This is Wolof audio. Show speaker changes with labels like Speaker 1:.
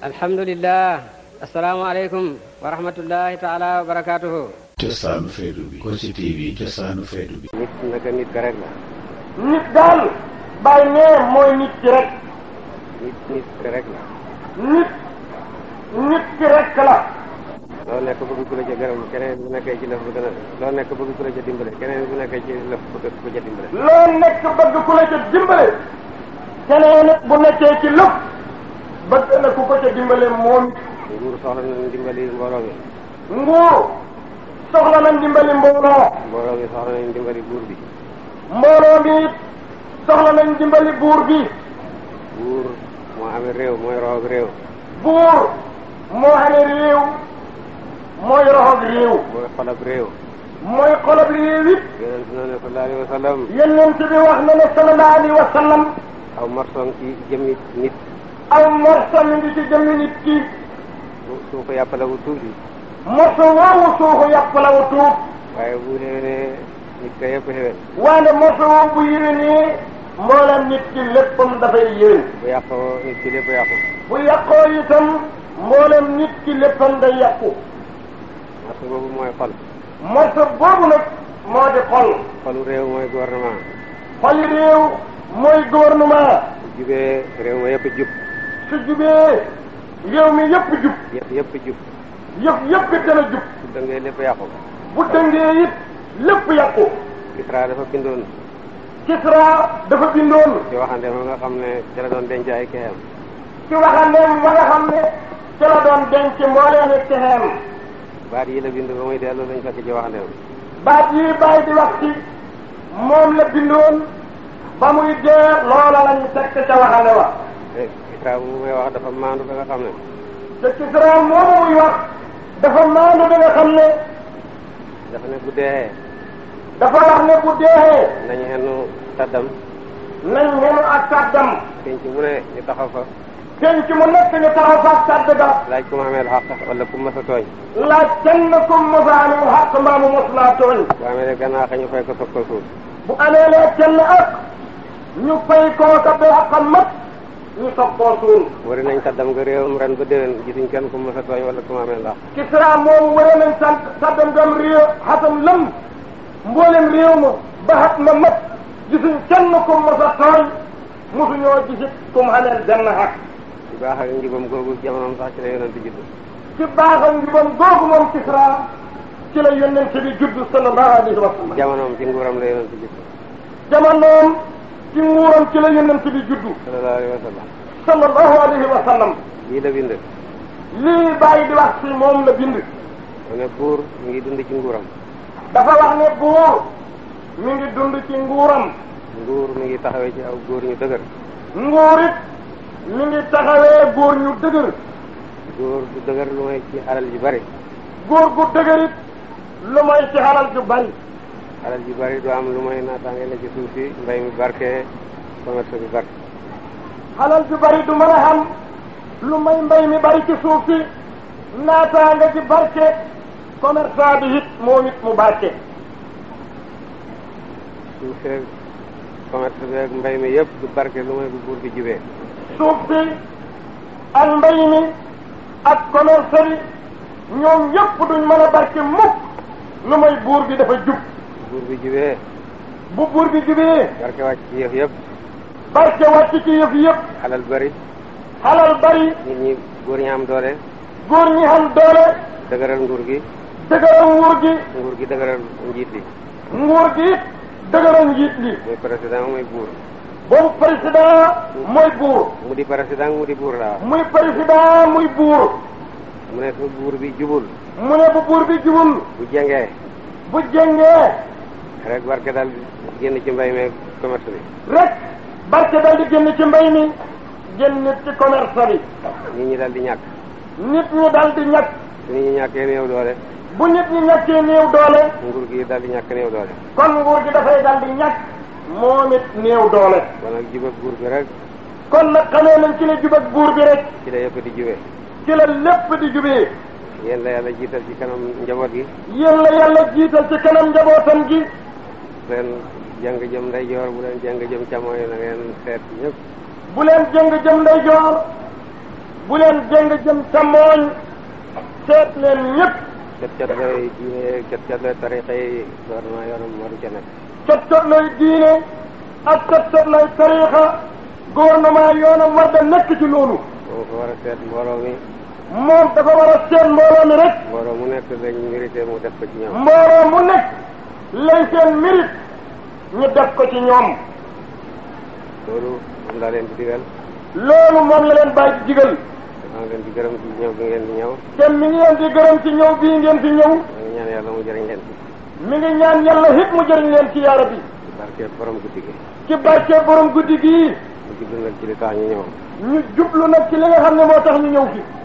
Speaker 1: alhamdulillah asalaamaaleykum wa rahmatullahi taala wa barakaatuhu cosaanu feetu bi Kossy TV cosaanu feetu bi nit naka nit ka rek la nit daal bàyyi nee mooy nit ki rek nit nit ki rek la nit nit ki rek la loo nekk bëgg ku la ca gërëm keneen bu nekkee ci lëf bu gën a loo nekk bëgg ku la ca dimbale keneen bu nekkee ci lëf bu ku la ca dimbale loo nekk bëgg ku la ca dimbale keneen bu nekkee ci lëf bëgg na ku ko ca dimbale moom. nguur soxla na dimbali mbooloo bi. nguur soxla na dimbali mbooloo. mbooloo bi soxla nañ dimbali buur bi. mbooloo bi it soxla nañ dimbali buur bi. buur moo amee réew mooy roog réew. buur moo amee réew mooy roog réew. mooy xolab réew. mooy xolab réew it. yonent na ne sallallahu alayhi wa sallam. yonent bi wax na ne sallallahu alayhi wa sallam. aw marson ci jëmmi nit. aw morso mi ngi nit ki. suufu yàpp la wu tuub bi. morso woowu suufu yàpp la wu tuub. waaye bu néewee nit ka yëpp xewel. waane morso woowu bu yéwénee. mboolam nit ki léppam dafay yéwén. bu yàqoo nit ki lépp yàqu. bu nit ki léppam day yàqu. morso boobu mooy xol. morso boobu nag moo di xol. xolu réew mooy gouvernement. xoli réew mooy gouvernement. bu jubee réew ma yëpp jub. su jubee réew mi yëpp jub. yëpp yëpp jub. yëpp yëpp it dana jub. bu dëngee lépp yàqu. bu dëngee it lépp yàqu. Kisra dafa bindoon. Kisra dafa bindoon. ci waxande ma nga xam ne ca la doon denc ay kexeem. ci waxande baat yi la bind ba muy dellu lañ fekk ci waxande baat yi bàyyi di wax ci moom la bindoon ba muy dee loola lañ fekk ca waxande wa. Kisra bu muy wax dafa maandu ba nga xam ne. te Kisra wax dafa maandu ba nga xam ne. dafa ne bu dee. dafa wax ne bu dee. nañ xenu tàddam. ak tàddam. penc mu ne ñu taxaw fa. penc mu nekk ñu taxaw fa ak tàdd ga. laaj ku ma amee xaq wala ku ma sa tooñ. laaj kenn ku ma sa amee xaq mbaa mu mos laa bu amee gannaaw xëy ñu fay ko soog ko suuf. bu amee lee kenn ak. ñu fay koo ka ba xaqam mat. ñu soog koo suul wëri nañ saddam nga réewam ren ba déwén gisuñ kenn ku mës a tooñ wala ku ma moom wëri nañ sant saddam ngam réew xatam lam mboolem réew ma ba xat ma mat gisuñ kenn ku mës a tooñ mosuñoo gisit ku mu amee benn xaq ci baax ak njubam googu jamonoom sax ci la yonent bi judd ci baax ak njubam googu moom Kisra ci la yonent bi judd sallallahu alayhi wa sallam ci wuuram ci la yonent bi juddu. sallallahu alayhi wa sallam. sallallahu alayhi wa sallam. lii la bind. lii bàyyi di wax moom la bind. mu ne buur mi ngi dund ci nguuram. dafa wax ne buur mi ngi dund ci nguuram. nguur mi ngi taxawee ci aw góor ñu dëgër. nguur it mi ngi taxawee góor ñu dëgër. góor gu dëgër lu may ci alal ju bari. góor gu dëgër it lu may ci alal ju bari. alal ji bari du am lu may naataange la ci suuf si mbay mi barke commerce barke alal ju bari du mën a xam lu may mbay mi bari ci suuf si naataange ci barke commerçant bi it moom it mu barke suuf bi ak mbay mi yëpp du barke may ak mbay mi ak ñoom yëpp duñ mën a barke mukk lu may buur bi dafa jub buur bi jubee bu buur bi jubee barke wàcc yëf yëpp barke wàcc ci yëf yëpp xalal bari xalal bari nit ñi góor doole góor ñi am doole dëgëral nguur gi dëgëral nguur gi nguur gi dëgëral njiit li nguur gi it dëgëral njiit li muy président muy buur boobu président mooy buur mu di président mu buur laa muy président muy buur mu ne bu buur bi jubul mu ne bu buur bi jubul bu jëngee bu jëngee rek barke daal di génn ci mbay mi commerce bi. rek barke daal génn ci mbay mi génn ci commerce bi. nit ñi daal di ñàkk. nit ñi daal di ñàkk. su nit ñi ñàkkee néew doole. bu nit ñi ñàkkee néew doole. nguur gi daal di ñàkk néew doole. kon nguur gi dafay daal di ñàkk. moom it néew doole. kon nag jubag buur bi rek. kon nag xamee nañ ci la jubag buur bi rek. ci la yëpp di jubee. ci la lépp di jubee. yéen la yàlla jiital ci kanam njaboot gi. yéen la yàlla jiital ci kanam njabootam gi. leen jëng jëm ndeyjoor bu leen jëng jëm càmmoñ na ngeen seet ñëpp bu leen jëng jëm ndeyjoor bu leen jëng jëm càmmoñ seet leen tarixa yi gouvernement war da nekk ci loolu moom ko war a seet mbooloo mi moom dafa war a seet mbooloo mi rek mu nekk lañ mérité nekk lay seen mérite ñu def ko ci ñoom. loolu moom laa leen di digal. loolu moom la leen bàyyi di digal. maa leen di gërëm ci ñëw bi ngeen di ñëw. te mi ngi leen di gërëm ci ñëw bii ngeen di ñëw. mi ngi ñaan yàlla mu jëriñ leen ci. mi ngi ñaan yàlla it mu jëriñ leen ci yaara bi. ci barke borom guddi gi. ci barke borom guddi gi. ñu jublu nag ci li tax ñu ñëw. ñu jublu nag ci li nga xam ne moo tax ñu ñëw fi